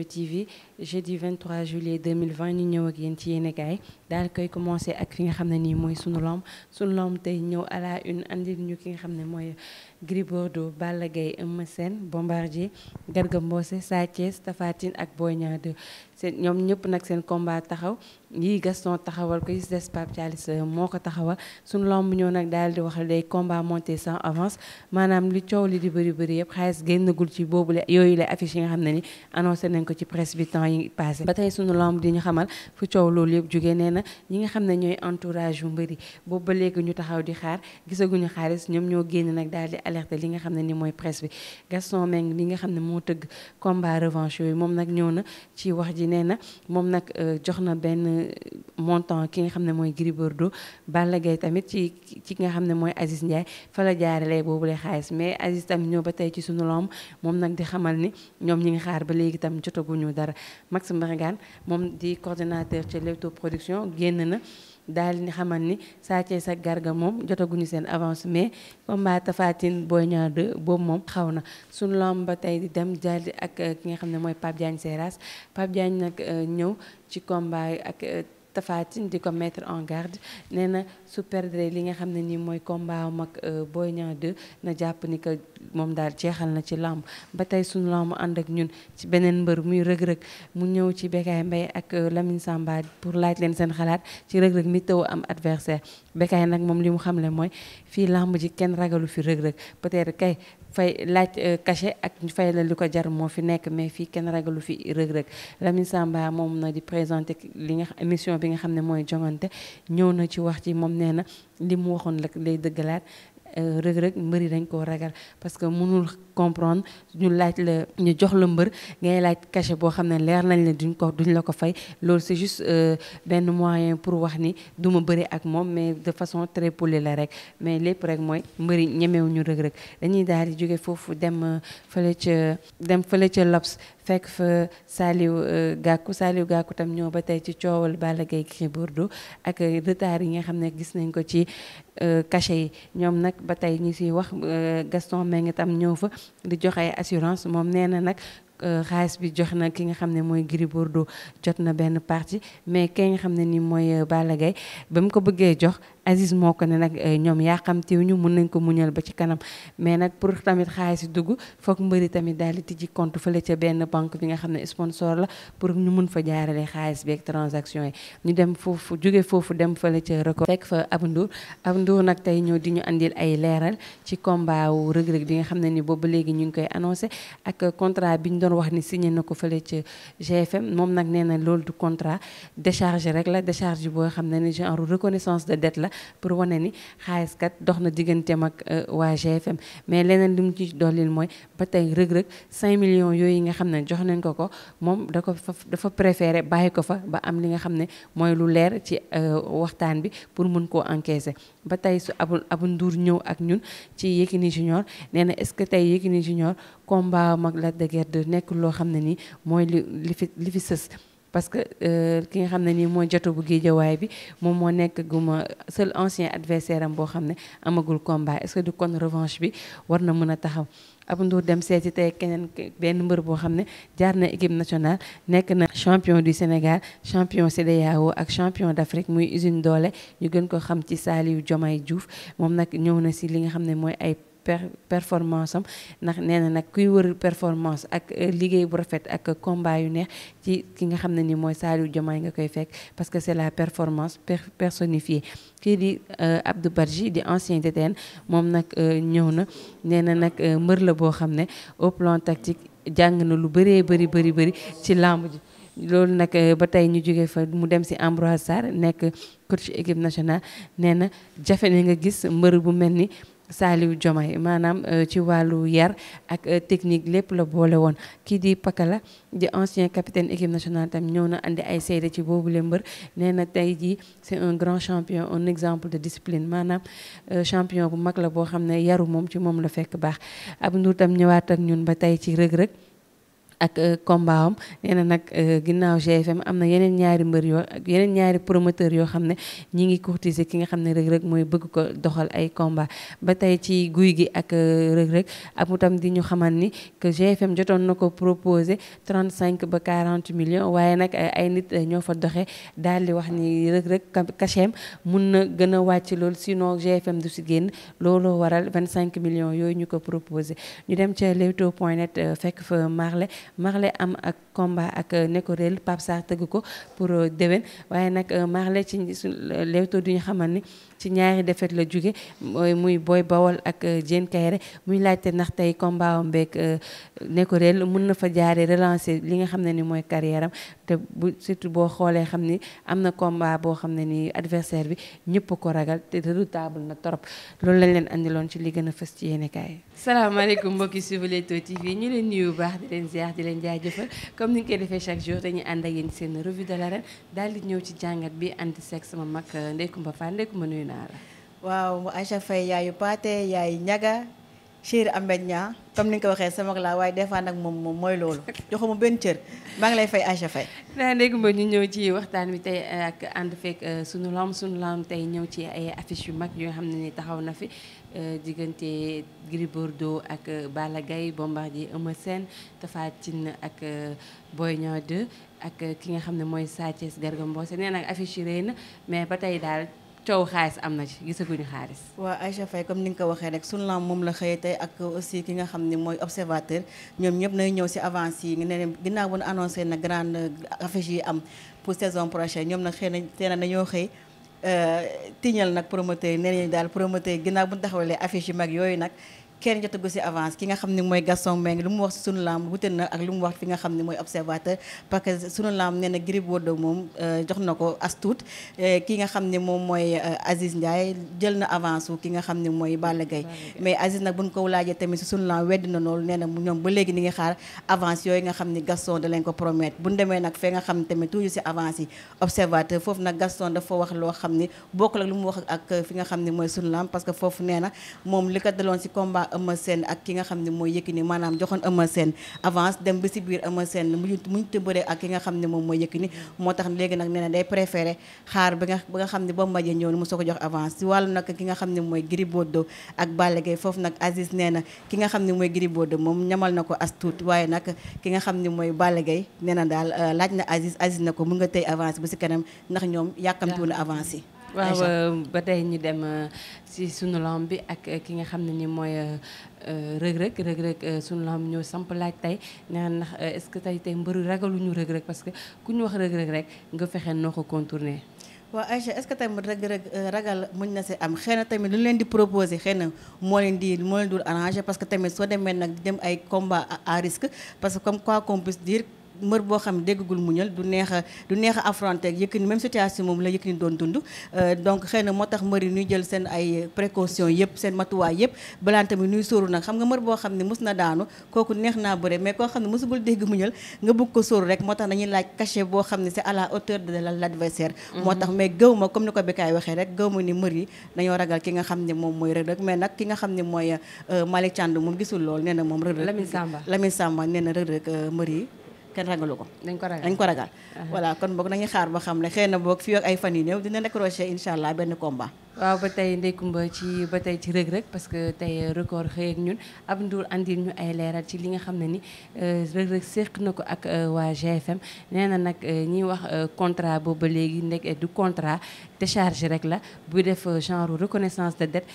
Rojo TV jeudi 23 juillet 2020 ñu ñëw ak yéen ci yéen gaay daal koy commencé ak fi nga xam ne nii mooy sunu lamb sunu lamb tey ñëw à la une andil ñu ki nga xam ne mooy Gris Bordeaux Balla Gaye Eumeu Sène Bombardier Garga Mbossé Sa Thiès Tapha Tine ak Boy Niang seen ñoom ñëpp nag seen combat taxaw yii Gaston taxawal ko yi des Pape Thialis euh, moo ko taxawal suñu lomb ñëw nag daal di wax day combat monté sans avance maanaam li coow li di bëri bëri yëpp xaalis génnagul ci boobu la yooyu la affiche yi nga xam ne ni annoncé nañ ko ci presse bi temps yi passé ba tey suñu lomb di ñu xamal fu coow loolu yëpp jógee nee na ñi nga xam ne ñooy entourage yu mbëri boobu ba léegi ñu taxaw di xaar gisaguñu xaalis ñoom ñoo génn nag daal di alerté li nga xam ne ni mooy presse bi Gaston li nga xam ne moo tëgg combat revanche moom nag ñëw na nee na moom nag euh, jox na benn montant ki nga xam ne mooy Gris Bordeaux Balla tamit ci ci nga xam ne mooy Aziz Ndiaye fa la jaarale boobu lay xaalis mais Aziz tamit ñëw ba tey ci suñu lom moom nag di xamal ni ñoom ñi ngi xaar ba léegi tam jotaguñu dara Max Mbargane moom di cordinateur ci Leewtoo production génn na daal ni xamal ni Sa Garga moom jotaguñu seen avance mais combat Tapha Tine Boy boobu moom xaw na su lomb ba tey di dem jàll ak ki nga xam ne mooy Pape Diagne Seras Pape Diagne nag euh, ñëw ci combat ak euh, Tapha Tine di ko mettre en garde nee na su perdre li nga xam ne nii mooy combat am ak euh, Boy na jàpp ni que moom daal jeexal na ci làmb ba tey suñu lamb ànd ak ñun ci beneen mbër muy rëg-rëg mu ñëw ci Bécaye Mbaye ak euh, Lamine Samba pour laaj leen seen xalaat ci rëg-rëg mi taw am adversaire Bécaye nag moom li mu xamle mooy fii làmb ji kenn ragalu fi rëg-rëg peut-être kay fay laaj euh, cachet ak ñu fay la li ko jar moo fi nekk mais fii kenn ragalu fi rëg-rëg Lamine Samba moom na di présenté li nga xam émission bi nga xam ne mooy jongante ñëw na ci wax ci moom nee na li mu waxoon la lay dëggalaat euh, rëg-rëg mbëri dañ koo ragal parce mënul comprendre ñu laaj la ñu jox la mbër ngay laaj kache boo xam ne leer nañ la duñ ko duñ la ko fay loolu c'est juste euh, benn moyen pour wax ni du ma bëri ak moom mais de façon très polie la rek mais lépp rek mooy mbëri ñemewuñu Reug Reug dañuy daal di jóge foofu dem euh, fële ca dem fële ca Lops fekk fa Saliou euh, gàkku Saliou Gakou tam ñëw ba tey ci coowal Balla Gaye Gris Bordeaux ak retard yi nga xam ne gis nañ ko ci cachet yi ñoom nag ba tey ñu si wax Gaston Mbengue tam ñëw fa di jox ay assurance moom nee na nag euh, xaalis bi jox na ki nga xam ne mooy Gris Bordeaux jot na benn partie mais ki nga xam ne nii mooy euh, Balla Gaye ba mu ko bëggee jox Aziz moo ko ne nag eh, ñoom yaa xam yaaxamtiw ñu mun nañ ko muñal ba ci kanam mais nag pour tamit xaalis dugg foog mbëri tamit daal di tijji compte fële ca benn banque bi nga xam ne sponsor la pour ñu mun fa jaarale xaalis bi ak transaction yi ñu dem foofu juge foofu dem fële ca record fekk fa ab Ndour Abou Ndour nag tey ñëw di ñu indil ay leeral ci combat wu rëg-rëg bi nga xam ne ni boobu léegi ñu ngi koy annoncé ak contrat bi ñu doon wax ni signé na ko fële ca GFM moom nag nee na loolu du contrat décharge rek la décharge boo xam ne ni genre reconnaissance de dette la pour wane ni xaaliskat dox na digganteem ak euh, waa GFM mais leneen li mu ci dollil mooy ba tey rëg-rëg 5 millions yooyu nga xam ne jox nañ ko ko moom da ko fa dafa préféré bàyyi ko fa ba am li nga xam ne mooy lu leer ci euh, waxtaan bi pour mën koo encaisser ba tey su abu abu nduur ñëw ak ñun ci Yékini Junior nee na est-ce que tey Yékini Junior combat mag Lac de Guiers nekk loo xam ne nii mooy li li fi li fi sës parce que euh, ki nga xam ne nii mooy jotu bu géejawaay bi moom moo nekk ma seul ancien adversaire boo xam ne amagul combat est-ce du kon bi war na mën a taxaw Abou Ndour dem seeti tey keneen benn mbër boo xam ne jaar na équipe nationale nekk na champion du Sénégal champion CEDEAO ak champion d'Afrique muy usine doole ñu gën ko xam ci Saliou Diomaye Diouf moom nag ñëw na si li nga xam ne mooy ay performance am ndax nee na nag kuy wër performance ak euh, liggéey bu rafet ak combat yu neex ci ki nga xam ne ni mooy Saliou Diomaye nga koy fekk parce que c'est la performance personnifiée kii di euh, Abdou bargi di ancien DTN moom nag euh, ñëw na nee na nag mbër la boo xam ne au plan tactique jàng na lu bëree bëri bëri bëri ci làmb ji loolu nag ba tey ñu jóge fa mu dem si Ambroise Sarr nekk coach équipe nationale nee na jafe na nga gis mbër bu mel ni Saliou Diomaye maanaam euh, ci wàllu yar ak euh, technique lépp la boole woon kii di Pakala di ancien capitaine équipe nationale tam ñëw na indi ay seede ci boobu le mbër nee na tey jii c'est un grand champion un exemple de discipline maanaam euh, champion bu mag la boo xam ne yaru moom ci moom la fekk baax ab Ndour tam ñëwaat ak ñun ba tey ci rëg-rëg ak euh, combat am nee na nag euh, ginnaaw GFM am na yeneen ñaari mbër yoo yeneen ñaari promoteur yoo xam ne ñi ngi courtiser ki nga xam ne Reug Reug mooy bëgg ko doxal ay combat ba tey ci guy gi ak euh, Reug Reug ak mu tam di ñu xamal ni GFM jotoon na ko proposé 35 ba quarante millions waaye nag ay nit ñoo fa doxe daal di wax ni Reug Reug kachem mun na gën a wàcc loolu si sinon GFM du si génn looloo waral 25 millions yooyu ñu ko proposé ñu dem ca Leewtoo point net fekk fa Marley Marley am ak combat ak euh, Nekorel Pape Sarr tëgg ko pour euh, déwén waaye nag euh, Marley ci su Leewtoo du ñu xamal ni ci ñaari défaite la jóge muy booy Bawol ak Diène Kairé muy laajte ndax tey combat am beeg Nekorel mun na fa jaaree relancé li nga xam ne ni mooy carrière am te bu surtout boo xoolee xam ni am na combat boo xam ne nii adversaire bi ñëpp ko ragal te redoutable na torop loolu lañ leen andiloon ci li gën a fës ci yéene kaay. salaamaaleykum mbokki leen jaajëfal comme ni ñu koy defee chaque jour dañuy ànd ak yéen seen revue de l'arène di ñëw ci jàngat bi anti sexe sama mag euh, Ndeye Coumba Fall Ndeye Coumba nuyu naa la. waaw Aïcha Faye yaayu Pathé yaayu Ñaga Cheikh Ahmed Niang comme ni nga ko waxee sama laa waaye des fois nag moom moom mooy loolu joxuma benn cër maa ngi lay fay Aïcha Faye daa léegi mba ñu ñëw ci waxtaan wi tey eh, ak ànd fekk eh, sunu lamb sunu tey ñëw ci ay affiche yu mag yoo xam ne ni taxaw na fi eh, diggante Gris Bordeaux ak Balla Gaye Bombardier Eumeu seen Tapha Tine ak Boy Niang 2 ak ki nga xam ne mooy Sa Thiès Garga Mbossé nee nag affiche na mais ba tey daal coow xaalis am na ci gisaguñu xaalis waaw Aïcha Faye comme ni nga ko waxee rek sunu lamb moom la xëyee tey ak aussi ki nga xam ne mooy observateur ñoom ñëpp nañ ñëw si avance yi ne ginnaaw bu ñu annoncé na grande affiche yi am pour saison prochaine ñoom na xëy nañ tey na dañoo xëy euh, tiñal nag promoteur yi nee nañu daal promoteur yi ginnaaw bu ñu taxawalee affiche yu mag yooyu nag kenn jotagu si avance ki nga xam ne mooy Gaston Mbengue nga xam ne mooy observateur parce que sunu laam moom euh, jox na ko as tuut euh, ki nga xam ne moom mooy euh, Aziz Ndiaye jël na avance ki nga xam ne mooy Balla mais Aziz nag buñ ko laajee tamit si sunu laam wedd na loolu nee mu ñoom ba léegi ni ngi xaar avance yooyu nga xam ne Gaston da leen ko promettre buñ demee nag fee nga xam ne tamit toujours si avance yi observateur foofu nag Gaston dafa wax loo xam ni bokk ak lu mu wax ak fi nga xam ne mooy sunu laam parce que foofu nee na moom li ko daloon si combat Eumeu Sène ak ki nga xam ne mooy Yékini maanaam joxoon Eumeu seen avance dem ba si biir Eumeu Sène mu muñ te bëree ak ki nga xam ne moom mooy Yékini moo tax léegi nag nee na day préféré xaar ba nga ba nga xam ne ba mbajee ñëw mu soo ko jox avance si wàllu nag ki nga xam ne mooy Gris Bordeaux ak Balla Gaye foofu nag Aziz nee na ki nga xam ne mooy Gris Bordeaux moom ñamal na ko as tuut waaye nag ki nga xam ni mooy Balla Gaye nee daal euh, laaj na Aziz Aziz na ko mun nga tey avance ba si kanam ndax ñoom yàkkamtiwul avance yi waaw euh, ba tey ñu dem si euh, sunu lamb bi ak euh, ki nga xam ne ni mooy Reug Reug Reug Reug sunu lamb ñoo samp laaj tey nee nax est-ce que tey tey mbëru ragaluñu Reug Reug parce que ku ñu wax Reug Reug rek nga fexe noo ko contourner. waaw Aïcha est-ce que tamit Reug Reug ragal muñ na si am xëy na tamit lu leen di proposé xëy na moo leen di moo leen dul arrangé parce que tamit soo demee nag dem ay combat à risque parce que comme quoi qu'on puisse mbër boo xam ne déggagul muñal du neex a du neex a affronté ak Yékini situation moom la Yékini doon dund euh, donc xëy na moo tax mbër yi ñuy jël seen ay précaution yëpp seen matuwaay yëpp balaan tamit ñuy sóoru nag xam nga mbër boo xam ne mës na daanu kooku neex naa bëre mais koo xam ne mësugul dégg muñal nga bëgg ko sóoru rek moo tax dañuy laaj cachet boo xam ne c'est à la hauteur de l'adversaire mhm. moo tax mais gëw ma comme ni ko Bécaye waxee rek gëw ma ni mbër yi dañoo ragal ki nga xam ne moom mooy Reug Reug mais nag ki nga xam ne mooy euh, Malick Thiandou moom gisul lool nee na moom Reug Reug Lamine Samba nee na Reug euh, mbër yi kenn ragalu ko dañ ko ragal dañ ko ragal voilà kon boog nañu xaar boo xam ne xëy na boog fii ak ay fan yi ñëw dina décrocher incha allah benn combat waaw ba tey Ndeye ci ba tey ci Reug Reug parce que tey record xëy ak ñun ab Ndour andil ay leeral ci li nga xam ne ni euh, Reug Reug séq na ko ak euh, waa GFM nee na nag euh, ñiy wax contrat boobu ba léegi ndek du contrat décharge rek la buy def genre reconnaissance de dette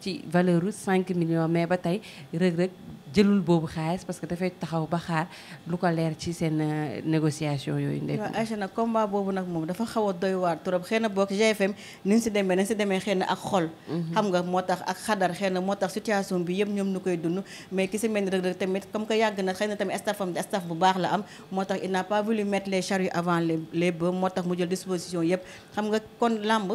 ci valeur cinq 5 millions mais ba tey Reug Reug jëlul boobu xaalis parce que dafay taxaw ba xaar lu ko leer ci seen euh, négociation yooyu ndey waaw Aïcha nag combat boobu nag moom dafa xaw a doy waar trop xëy na boog GFM ni ñu si demee nañ si demee xëy na ak xol mhm. xam nga moo tax ak xadar xëy na moo tax situation bi yëpp ñoom ñu koy dund mais ki si mel ni Reug que yàgg na xëy na tamit staff am baax la am moo tax il n'a pas voulu mettre les charrues moo tax mu jël disposition yëpp xam nga kon làmb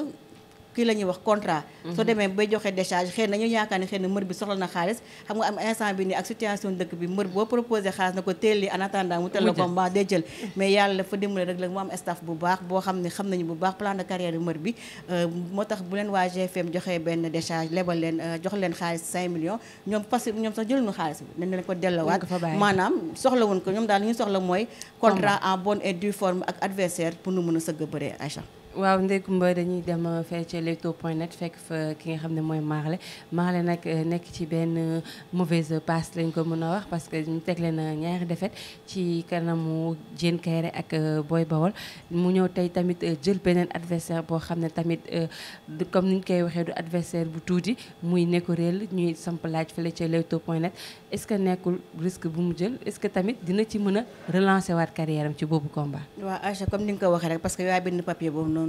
kii la ñuy wax contrat mhm. soo demee bay joxee décharge xëy na ñu yaakaar ne xëy na mër bi soxla na xaalis xam nga am instant bi nii ak situation dëkk bi mër boo proposé xaalis na ko teel li en mu tel la combat day jël mais yàlla dafa dimbale rek mu am staff bu baax boo xam ne xam nañu bu baax plan de carrière mër bi euh, moo tax bu waa GFM joxee benn décharge lebal leen euh, jox leen xaalis 5 millions ñoom parce ñoom sax jëluñu xaalis bi dañ a waaw Ndeye Comba dañuy dem euh, fee ca Leewtoo point net fekk fa ki nga xam ne mooy Marley Marley nag euh, nekk ci benn euh, mauvaise passe lañ ko mën a wax parce que ñu teg leen ñaari défaite ci kanamu Diène Kairé ak Boy Bawol mu ñëw tey tamit jël beneen adversaire boo xam ne tamit comme ni ñu koy waxee du adversaire bu tuuti muy nekku réel ñuy samp laaj fële ca Leewtoo point net est-ce que nekkul risque bu mu jël est-ce que tamit dina ci mën a relancer waat carrière am ci boobu combat. waaw Aïcha comme ni nga ko waxee rek parce que yaa bind papier boobu noonu.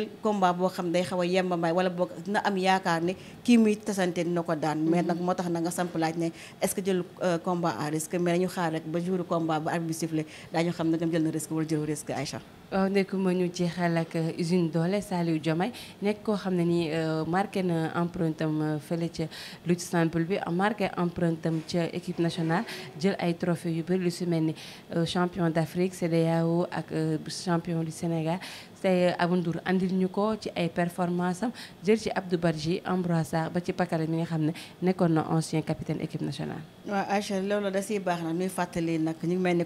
jël combat boo xam day xaw a yemba mbaay wala boog na am yaakaar ni kii muy tasante dina ko daan mais nag moo tax na nga samp laaj ne est ce que jël euh, combat à risque mais dañu xaar rek ba jour combat ba arbitre bi sifflé daañu xam ne dam jël na risque wala jëlu risque Aïcha waaw euh, nekk ma ñu jeexal ak euh, usine doole Saliou Diomaye nekk koo xam ne nii euh, marqué na empreinte am fële ca ci simple bi marqué empreinte am ca équipe nationale jël ay trophées yu bëri lu si mel ni champion d' Afrique CEDEAO ak champion du Sénégal tey Abou indi andil ñu ko ci ay performance am jël ci Abdou Barji Ambroise Sarr ba ci Pakala mi nga xam ne nekkoon na ancien capitaine équipe nationale. waaw Aïcha loolu da siy baax na nuy fàttali nag ñu mel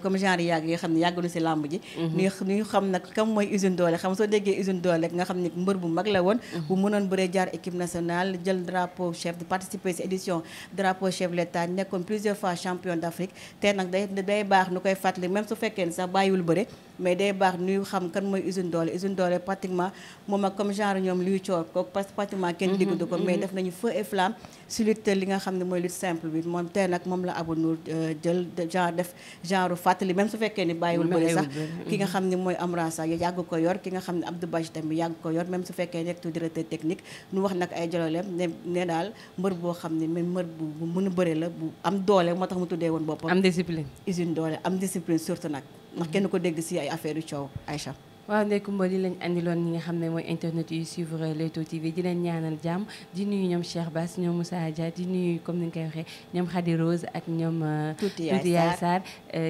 ni comme nag kam mooy usine doole xam soo déggee usine doole rek nga xam ni mbër bu mag la woon mm-hmm. bu mënoon bëree jaar équipe nationale jël drapeau chef di participer si édition drapeau chef de nekkoon plusieurs fois champion d'Afrique te nag day day baax nu koy fàttali même su fekkee ni sax bàyyiwul bëre mais day baax nuy xam kan mooy usine doole usine doole pratiquement moom ak comme genre ñoom luy coor ko parce que pratiquement kenn mm-hmm. ko mais mm-hmm. def nañu feu et flamme si li nga xam euh, su fekkee ni bàyyiwul bëre sax Moussa yu yàgg ko yor ki nga xam ne Abdou Badji tamit yàgg ko yor même su fekkee nekk tu directeur technique nu wax nag ay jololeem ne ne daal mbër boo xam ne même mbër bu mën a bëre la bu am doole moo tax mu tuddee woon boppam am discipline usine doole am discipline surtout nag ndax kenn ko dégg si ay affaire yu coow Aïcha waaw ndeyku mba li lañ andiloon ñi nga xam ne mooy internet yu suivre Leewtoo TV di leen ñaanal jàmm di nuyu ñoom Cheikh Bass ñoom Moussa Dia di nuyu comme ni nga koy waxee ñoom Khady Rose ak ñoom Tuuti Yaay Sarr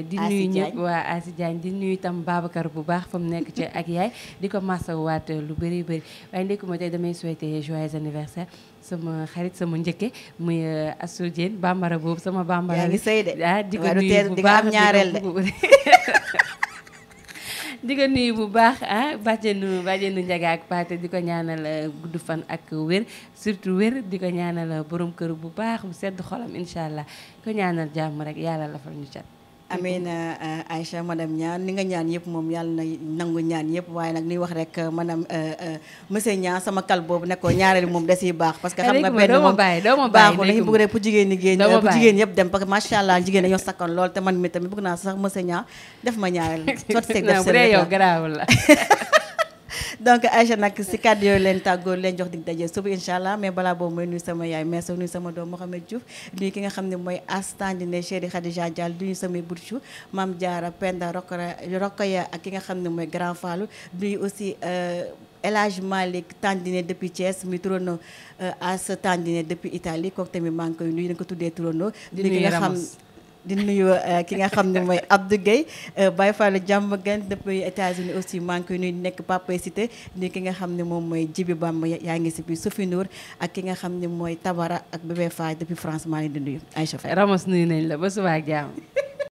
di nuyu ñëpp waa Asi Diagne di nuyu itam Babacar bu baax fa mu nekk ci ak yaay di ko waat lu bëri bëri waaye ndeyku mba tey damay souhaiter joyeux anniversaire sama xarit sama njëkke muy euh, Assou Diène bambara boobu sama bambara li ah di ko nuyu bu baax ñaareel de di ko nuyu bu baax ah bàjjenu bàjjenu Njaga ak Paate di ko ñaanal eh, gudd fan ak wér surtout wér di ko ñaanal eh, borom kër bu baax bu sedd xolam incha allah ko ñaanal jàmm rek yàlla lafal ñu cat. amee amiin euh, Aïcha madame Niane ni nga ñaan yëpp moom yàlla na nangu ñaan yëpp waaye nag ni wax rek euh, maanaam euh, monsieur Niane sama kal boobu ne ko ñaareel moom de siy baax parce que xam nga benn moom baaxul dañu bëgg rek pour jigéen ñi génn jigéen yëpp dem parce que allah jigéen dañoo sakkoon lool te man mi tamit bëgg naa sax monsieur Niane def ma ñaareel sotti seeg def seen yow garaawul la donc Aïcha nag si kàddu yooyu leen tàggoo leen jox di daje suba incha mais balaa boobu mooy nuyu sama yaay mais sax nuyu sama doom Mohamed Diouf nuyu ki nga xam ne mooy astandine chéri Khadija Diall nuyu samay bourchou Mame Diarra Penda Rokhaya Rokhaya ak ki nga xam ne mooy Grand Fallou nuyu aussi euh, El Hadj Malick Tandine depuis Thiès mi turono euh, As Tandine depuis Italie kooku tamit maa ngi koy nuyu ko tuddee turono di ki nga xam di nuyu euh, ki nga xam ne mooy Abdou Guèye euh, Baye Fall jàmm gan depuis États-Unis aussi maa ngi koy nuyu nekk Papa Cité nuyu ki nga xam ne moom mooy jibi Bamba yaa ngi si biir Sophie Nour ak ki nga xam ne mooy Tabara ak Bébé Faye depuis France maa ngi di nuyu Aïcha Faye Ramos nuyu nañ la ba suba ak